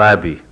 Fábio